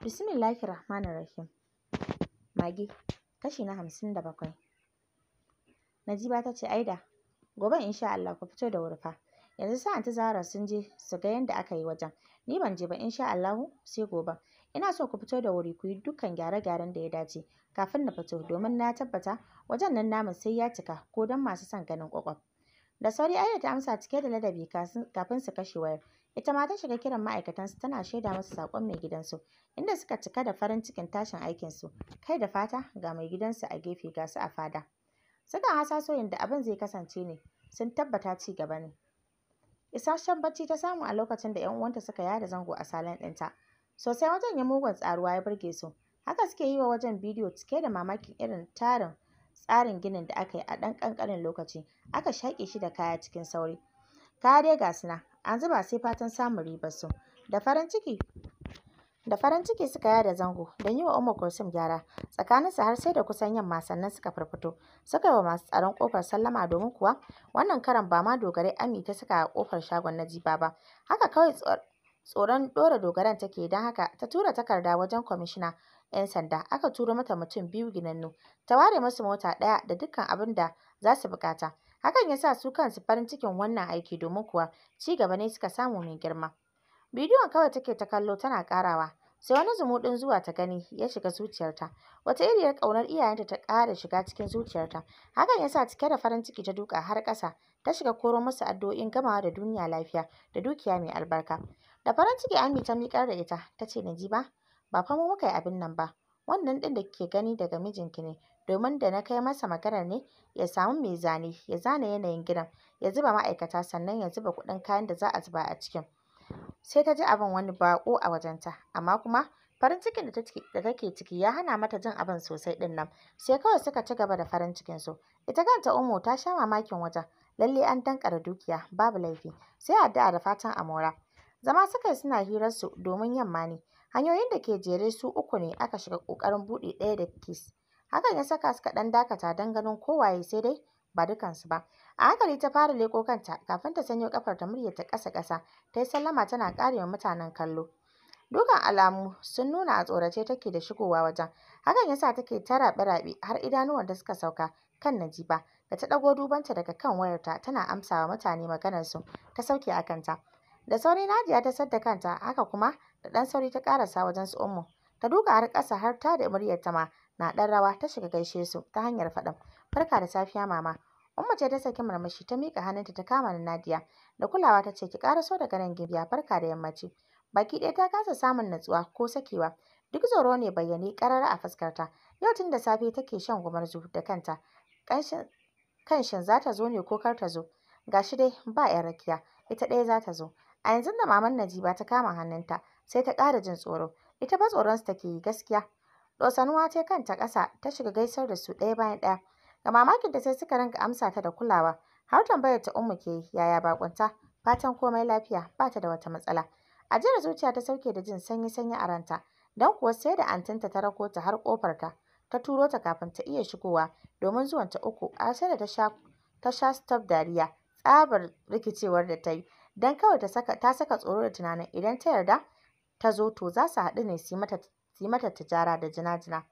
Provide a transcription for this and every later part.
Bismillahir Rahmanir Rahim. Mage, kashi na hamsin da bakwai. Najiba ta ce, Aida, gobe in sha Allah ku fito da wuri fa. Yanzu sa'an ta zara sun je su ga yadda aka yi wajen. Ni ban je ba in sha Allahu sai gobe. Ina so ku fito da wuri ku yi dukkan gyare-gyaren da ya dace kafin na fito domin na tabbata wajen nan namun sai ya cika ko don masu son ganin kwakwaf. Da sauri Aida ta amsa cike da ladabi kafin su kashe wayar. Ita ma ta shiga kiran ma'aikatansu tana shaida musu saƙon mai gidansu, inda suka cika da farin cikin tashin aikinsu. Kai da fata ga mai gidansu a gefe ga su a fada. Sukan soyin da abin zai kasance ne, sun tabbata ci gaba ne. Isasshen bacci ta samu a lokacin da 'yan uwanta suka yada zango a salon ɗinta. Sosai wajen ya mugun tsaruwa ya burge su. Haka suke yi wa wajen bidiyo cike da mamakin irin tarin tsarin ginin da aka yi a ɗan ƙanƙanin lokaci. Aka shaƙe shi da kaya cikin sauri. Kaya dai ga su An zuba sai fatan samun ribar su da farin ciki da farin ciki suka yada zango don yi wa Umar Kulsum gyara tsakaninsu har sai da kusan yamma sannan suka farfito suka yi wa masu tsaron kofar sallama domin kuwa wannan karan ba ma dogarai ami ta suka a kofar shagon na jiba ba haka kawai tsoron dora dogaran take don haka ta tura takarda wajen kwamishina 'yan sanda aka turo mata mutum biyu ginannu ta ware musu mota ɗaya da dukkan abin da za su buƙata Hakan ya sa su kansu farin cikin wannan aiki domin kuwa ci gaba ne suka samu mai girma. Bidiyon kawai take ta kallo tana karawa sai wani zumuɗin zuwa ta gani ya shiga zuciyarta. Wata iriyar ƙaunar iyayenta ta ƙara shiga cikin zuciyarta. Hakan ya sa cike da farin ciki ta duka har ƙasa, ta shiga koro masa addu'o'in gamawa da duniya lafiya da dukiya mai albarka. Da farin ciki Ami ta miƙar da ita, ta ce na ji ba fa mu muka yi abin nan ba, wannan ɗin da kike gani daga mijinki ne, domin da na kai masa maganar ne ya samu mai zane ya zana yanayin gidan, ya zuba ma'aikata sannan ya zuba kuɗin kayan da za a zuba a cikin. Sai ta ji abin wani baƙo a wajenta, amma kuma farin cikin da take da ciki ya hana mata jin abin sosai ɗin nan, sai kawai suka ci gaba da farin cikin su. Ita kanta Ummu ta sha mamakin wajen, lalle an danƙare dukiya babu laifi, sai addu'a da fatan amora Zama suka suna hirar su domin yamma ne. Hanyoyin da ke jere su uku ne aka shiga ƙoƙarin buɗe ɗaya da kis. hakan ya saka su kaɗan dakata don ganin kowaye sai dai ba dukansu ba a hankali ta fara leƙo kanta kafin ta sanyo kafar ta murya ta ƙasa ƙasa ta yi sallama tana ƙarewa mutanen kallo dukan alamu sun nuna a tsorace take da shigowa wajen hakan ya sa take ta raɓe-raɓe har idanuwan da suka sauka kan Najiba da ta ɗago dubanta daga kan wayarta tana amsawa mutane maganar su ta sauke a kanta da sauri Najiya ta sadda kanta haka kuma da ɗan sauri ta ƙarasa wajen su ta duka har ƙasa har ta da muryarta ma na ɗan rawa ta shiga gaishe su ta hanyar faɗin farka da safiya mama umma ce ta saki murmushi ta miƙa hannunta ta kama na nadiya da kulawa ta ce ki ƙaraso daga nan gibiya farka da yammaci baki ɗaya ta kasa samun natsuwa ko sakewa duk tsoro ne bayyane ƙarara a fuskarta yau tun da safe take shan gumarzu da kanta kanshin za ta zo ne ko kar ta zo gashi dai ba 'yan rakiya ita ɗaya za ta zo a yanzu da maman Najiba ta kama hannunta sai ta ƙara jin tsoro ita ba tsoron su take yi gaskiya Dosanuwa ta kanta ƙasa ta shiga gaisar da su ɗaya bayan ɗaya. Ga mamakin da sai suka rinka amsa ta da kulawa. Har tambayar ta Ummu ke yaya bakunta? Fatan komai lafiya, ba ta da wata matsala. Ajiyar zuciya ta sauke da jin sanyi-sanyi a ranta. Don kuwa sai da antinta ta rako ta har kofar ta. Ta turo ta kafin ta iya shigowa domin zuwan ta uku. A sai da ta sha ta stop dariya. Tsabar rikicewar da ta yi. Don kawai ta saka ta saka tsoro da tunanin idan ta yarda ta zo to za su haɗu ne su yi mata yi mata tijara da jina-jina.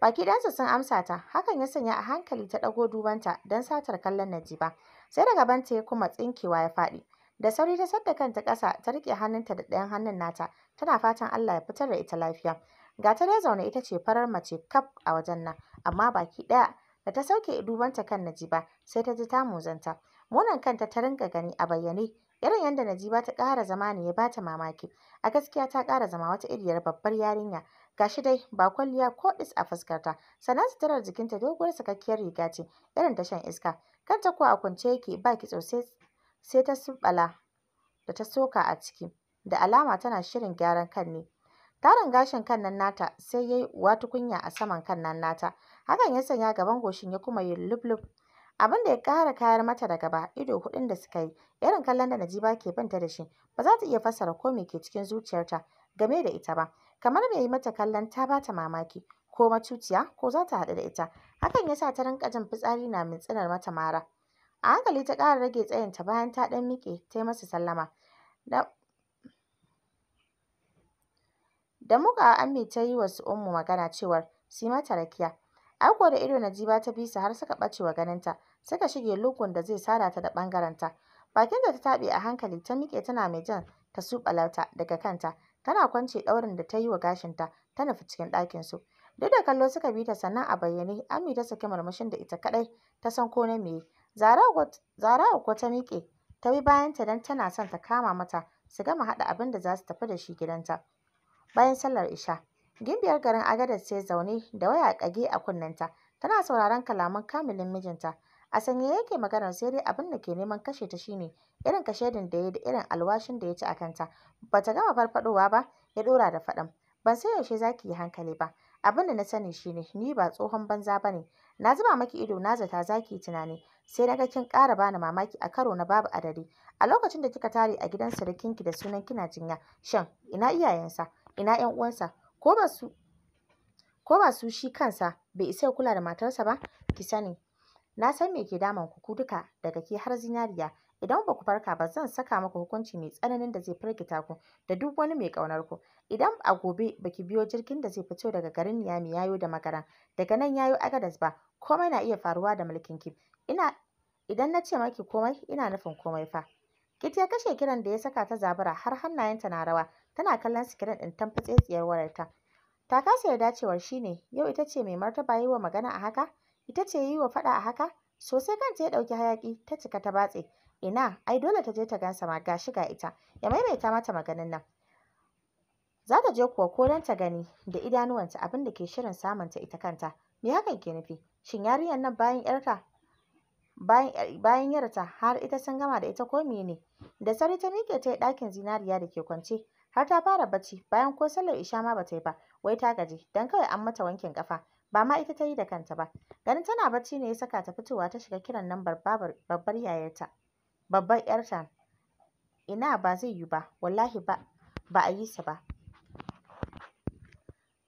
Baki ɗansa sun amsa ta, hakan ya sanya a hankali ta ɗago dubanta don satar kallon Najiba. Sai daga banta ya kuma tsinkewa ya faɗi. Da sauri ta sadda kanta ƙasa ta riƙe hannunta da ɗayan hannun nata, tana fatan Allah ya fitar da ita lafiya. Ga ta dai zaune ita ce farar mace kaf a wajen nan, amma baki ɗaya da ta sauke dubanta kan Najiba sai ta ji ta muzanta. Munan kanta ta rinka gani a bayyane Irin yadda ba ta ƙara zama ne ya bata mamaki. A gaskiya ta ƙara zama wata iriyar babbar yarinya. Gashi dai ba kwalliya ko is a fuskarta, sannan suturar jikinta doguwar sakakkiyar riga ce irin tashan shan iska. Kanta ko a kwance yake ba kitso sai sai ta sumbala da ta soka a ciki. Da alama tana shirin gyaran kan ne. Tarin gashin kan nan nata sai yayi uwa tukunya a saman kan nan nata. Hakan ya sanya gaban goshin ya kuma yin lub-lub. abin da ya kara kayar mata da gaba ido huɗun da suka yi irin kallon da Najiba ke banta da shi ba za ta iya fassara ko me ke cikin zuciyarta game da ita ba kamar me yi mata kallon ta bata mamaki ko macuciya ko za ta haɗu da ita hakan ya sa ta rinƙa jin fitsari na mintsinar mata mara a hankali ta kara rage tsayinta bayan ta ɗan miƙe ta yi masa sallama da da muka Ammi ta yi wasu su Ummu magana cewar su yi mata rakiya. Ai da ido Najiba ta bi su har suka ɓace wa ganinta. suka shige lukun da zai sada ta da ɓangarenta. Bakin da ta taɓe a hankali ta miƙe tana mai jan ta suɓalarta daga kanta, tana kwance ɗaurin da ta yi wa gashinta, ta nufi cikin ɗakin su. Duk da kallo suka bi ta sannan a bayyane, Ami ta saki murmushin da ita kaɗai ta san ko na meye. Zara ko ta miƙe, ta bi bayanta don tana son ta kama mata su gama haɗa abin da za su tafi da shi gidanta. Bayan sallar isha, gimbiyar garin Agadar sai zaune da waya ƙage a kunnenta, tana sauraron kalaman kamilin mijinta. a sanye yake maganar sai dai abin da ke neman kashe ta shine irin kashedin da ya da irin alwashin da ya ci a kanta Ba ta gama farfadowa ba ya dora da faɗan ban san yaushe zaki yi hankali ba abin da na sani shine ni ba tsohon banza ba ne. na zuba maki ido na zata zaki tunani sai na ga kin kara bani mamaki a karo na babu adadi a lokacin da kika tare a gidan surukinki da sunan kina jinya shan ina iyayensa ina ƴan uwansa ko ba su ko ba su shi kansa bai isa kula da matarsa ba ki sani Na san me ke damun ku ku duka daga ke har zinariya idan ba ku farka ba zan saka muku hukunci mai tsananin da zai firgita ku da duk wani mai kaunar ku idan a gobe baki biyo jirgin da zai fito daga garin Niyami yayo da makara daga nan yayo Agadas ba komai na iya faruwa da mulkin ki ina idan na ce maki komai ina nufin komai fa kiti ya kashe kiran da ya saka ta zabura har hannayenta na rawa tana kallon sikirin ɗin tamfatsetsiyar wayarta ta kasa yarda cewar shine yau ita ce mai martaba yi wa magana a haka ita ce yi wa faɗa a haka sosai ta ya ɗauki hayaƙi ta cika ta batse ina ai dole ta je ta gansa ma gashi ga ita ya maimaita mata maganin nan za ta je kuwa ko danta ta gani da idanuwanta abin da ke shirin samunta ita kanta me hakan ke nufi shin yarinyar nan bayan yarta bayan yarta har ita sun gama da ita ko mene da sauri ta miƙe ta yi ɗakin zinariya da ke kwance har ta fara bacci bayan ko sallar isha ma ta yi ba wai ta gaji Don kawai an mata wankin kafa ba ma ita ta yi da kanta ba ganin tana bacci ne ya saka ta fitowa ta shiga kiran nan babbar yayarta babbar yarta ina ba zai yi ba wallahi ba ba a yi sa ba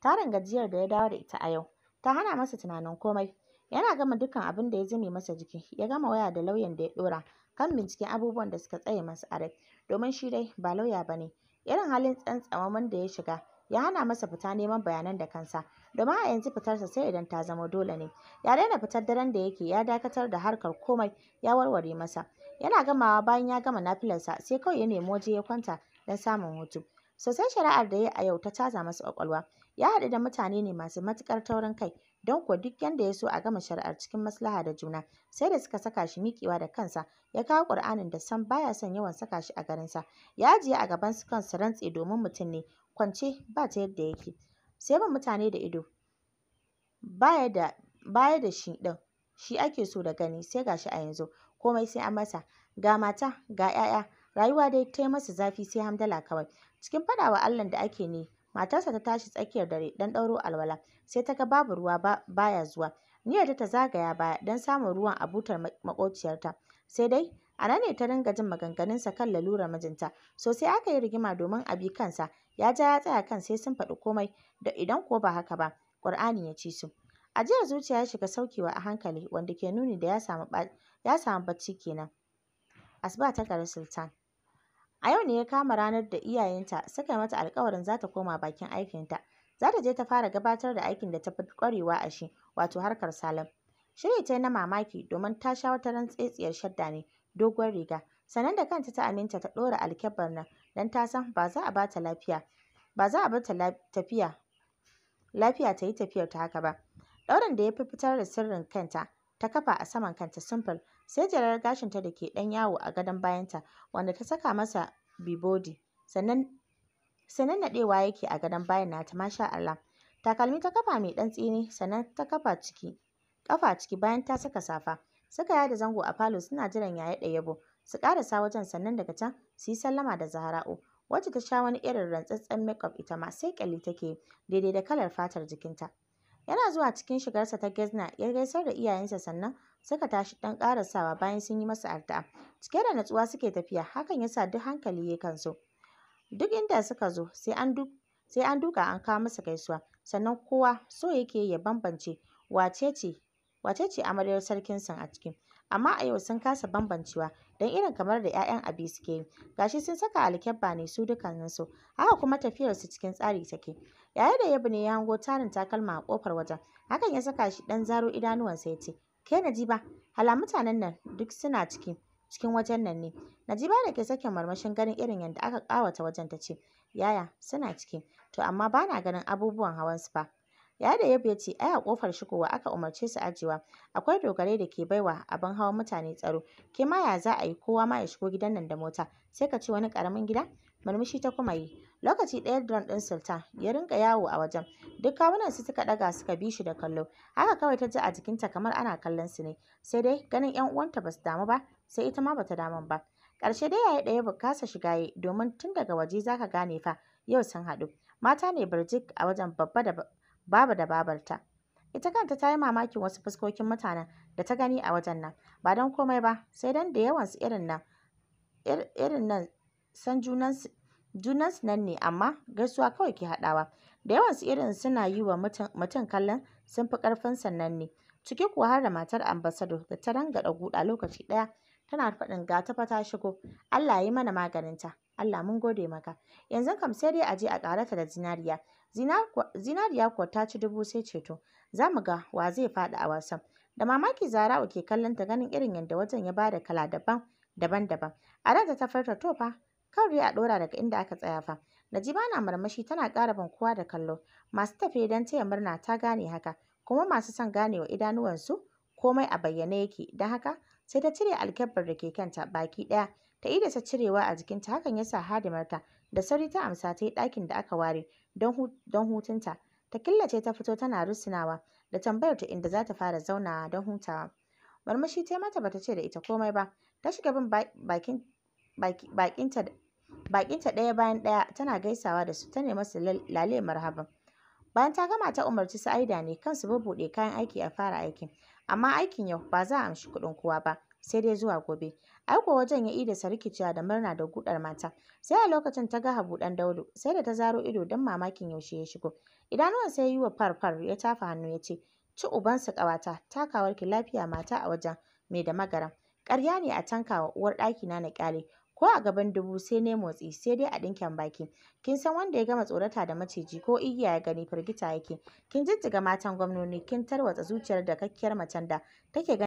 tarin gajiyar da ya dawo da ita a yau ta hana masa tunanin komai yana gama dukkan abin da ya zame masa jiki ya gama waya da lauyan da ya ɗora kan binciken abubuwan da suka tsaye masa a rai domin shi dai ba lauya ba ne irin halin tsantsaman da ya shiga ya hana masa fita neman bayanan da kansa domin a yanzu fitarsa sai idan ta zama dole ne ya daina fitar daren da yake ya dakatar da harkar komai ya warware masa yana gamawa bayan ya gama nafilarsa sai kawai ya nemi waje ya kwanta don samun hutu sosai shari'ar da ya a yau ta caza masa kwakwalwa ya haɗu da mutane ne masu matuƙar taurin kai don kuwa duk yanda ya so a gama shari'ar cikin maslaha da juna sai da suka saka shi miƙewa da kansa ya kawo ƙur'anin da san baya son yawan saka shi a garinsa ya ajiye a gaban su kansu rantse domin mutum ne kwance ba ta yadda yake sai ba mutane da ido baya da shi ɗin shi ake so da gani sai gashi a yanzu komai sai a masa ga mata ga 'ya'ya rayuwa dai ta yi masa zafi sai hamdala kawai cikin faɗawa Allah da ake ne matarsa ta tashi tsakiyar dare dan ɗauro alwala sai ta ga babu ruwa ba baya zuwa niyyar ta zagaya baya don samun ruwan a butar maƙociyarta sai dai a nan ne ta dinga jin maganganunsa kan lalurar mijinta sosai aka yi rigima domin a bi kansa ya ja ya tsaya kan sai sun faɗi komai da idan ko ba haka ba Ƙur'ani ya ci su. Ajiyar zuciya ya shiga saukewa a hankali wanda ke nuni da ya samu ya bacci kenan. Asba ta gari Sultan. A yau ne ya kama ranar da iyayenta suka yi mata alƙawarin za ta koma bakin aikinta. Za ta je ta fara gabatar da aikin da ta fi ƙwarewa a shi, wato harkar salon. Shirya ta na mamaki domin ta sha wata rantsetsiyar shadda ne, doguwar riga. Sannan da kanta ta aminta ta ɗora alkyabbar nan dan ta san ba za a ba ta lafiya ba za a ta tafiya lafiya ta yi tafiyar ta haka ba ɗaurin da ya fi fitar da sirrin kanta ta kafa a saman kanta simple sai jarar gashinta da ke ɗan yawo a gadon bayanta wanda ta saka masa bibodi sannan sannan naɗewa yake a gadon bayan nata masha Allah takalmi ta kafa mai ɗan tsini sannan ta kafa ciki kafa ciki bayan ta saka safa suka yada zango a falo suna jiran yaya ɗa yabo su ƙarasa wajen sannan daga can su yi sallama da zahara'u wacce ta sha wani irin rantsatsen makeup ita ma sai ƙyalli take daidai da kalar fatar jikinta. Yana zuwa cikin shigarsa ta gezna ya gaisar da iyayensa sannan suka tashi ɗan ƙarasawa bayan sun yi masa addu'a. Cike da natsuwa suke tafiya hakan yasa duk hankali ya kansu. Duk inda suka zo sai an duk sai an duka an kawo masa gaisuwa sannan kowa so yake ya bambance wace ce wace ce amaryar sarkin sun a ciki amma a yau sun kasa bambancewa don irin kamar da 'ya'yan abi suke yi gashi sun saka alkyabba ne su dukkaninsu haka kuma tafiyar su cikin tsari take Yaya da yabi ne ya hango tarin takalma a kofar wajen hakan ya saka shi ɗan zaro idanuwansa ya ce ke najiba hala mutanen nan duk suna ciki cikin wajen nan ne najiba da ke sakin marmashin ganin irin yadda aka ƙawata wajen ta ce yaya suna ciki to amma bana ganin abubuwan hawan su fa Yada Yabo ya ce ai a kofar shigowa aka umarce su ajiyewa, akwai dogarai da ke baiwa abin hawan mutane tsaro, ke ma ya za a yi kowa ma ya shigo gidan nan da mota, sai ka ce wani karamin gida? Murmushi ta kuma yi. Lokaci ɗaya drone ɗin sulta. ya rinka yawo a wajen, duk su suka daga suka bi shi da kallo, haka kawai ta ji a jikinta kamar ana kallon su ne, sai dai ganin 'yan uwanta ba su damu ba, sai ita ma ba ta damun ba. Ƙarshe dai yayi ɗaya ba kasa shiga yi domin tun daga waje za ka gane fa yau sun haɗu, mata ne birjik a wajen babba da Baba da babarta. Ita kanta ta yi mamakin wasu fuskokin mutanen da ta gani a wajen nan, ba don komai ba sai don da yawansu irin nan irin nan san junansu su nan ne amma gaisuwa kawai ke haɗawa. Da yawansu irin suna yi wa mutum kallon sun fi ƙarfinsa nan ne, ciki kuwa har da matar ambassador da ta da guda lokaci ɗaya tana faɗin ga ta fata shigo, Allah ya yi mana maganinta, Allah mun gode maka, yanzu kam sai dai a je a karata da zinariya. Zinariya kuwa ta ci dubu sai ceto, za mu ga wa zai faɗi a wasan. Da mamaki Zara'u ke kallon ta ganin irin yadda wajen ya ba da kala daban-daban. A ranta ta farta to fa kar a ɗora daga inda aka tsaya fa. Najiba na marmashi, tana ƙara bankuwa da kallo. Masu tafe don taya murna ta gane haka, kuma masu son ganewa idanuwansu komai a bayyane yake, Da haka sai ta cire alkyabbar da ke kanta baki ɗaya ta idasa cirewa a jikinta hakan ya sa hadimarta da sauri ta amsa ta yi ɗakin da aka ware don hutunta. Ta killace ta fito tana rusunawa da tambayar ta inda za ta fara zaunawa don hutawa. Murmushi ta mata bata ce da ita komai ba. Ta shiga bin baƙinta ɗaya bayan ɗaya tana gaisawa da su ta nema su lale marhaba Bayan ta gama ta umarci su aida ne kan su kayan aiki a fara aikin. Amma aikin yau ba za a amshi kuɗin kowa ba. sai dai zuwa gobe. Ai wajen ya ida da rikicewa da murna da guɗar mata. Sai a lokacin ta ga Habu ɗan Daudu, sai da ta zaro ido don mamakin yaushe ya shigo. Idanuwan sai yi wa farfar ya tafa hannu ya ce, Ci ubansa ƙawata, ki lafiya mata a wajen mai da magaran. Ƙarya ne a tankawa uwar ɗaki na na ƙyale, ko a gaban dubu sai ne motsi sai dai a ɗinkin baki kin san wanda ya gama tsorata da maciji ko igiya ya gani firgita yake kin jijjiga matan gwamnoni kin tarwatsa zuciyar da kakkiyar macen da take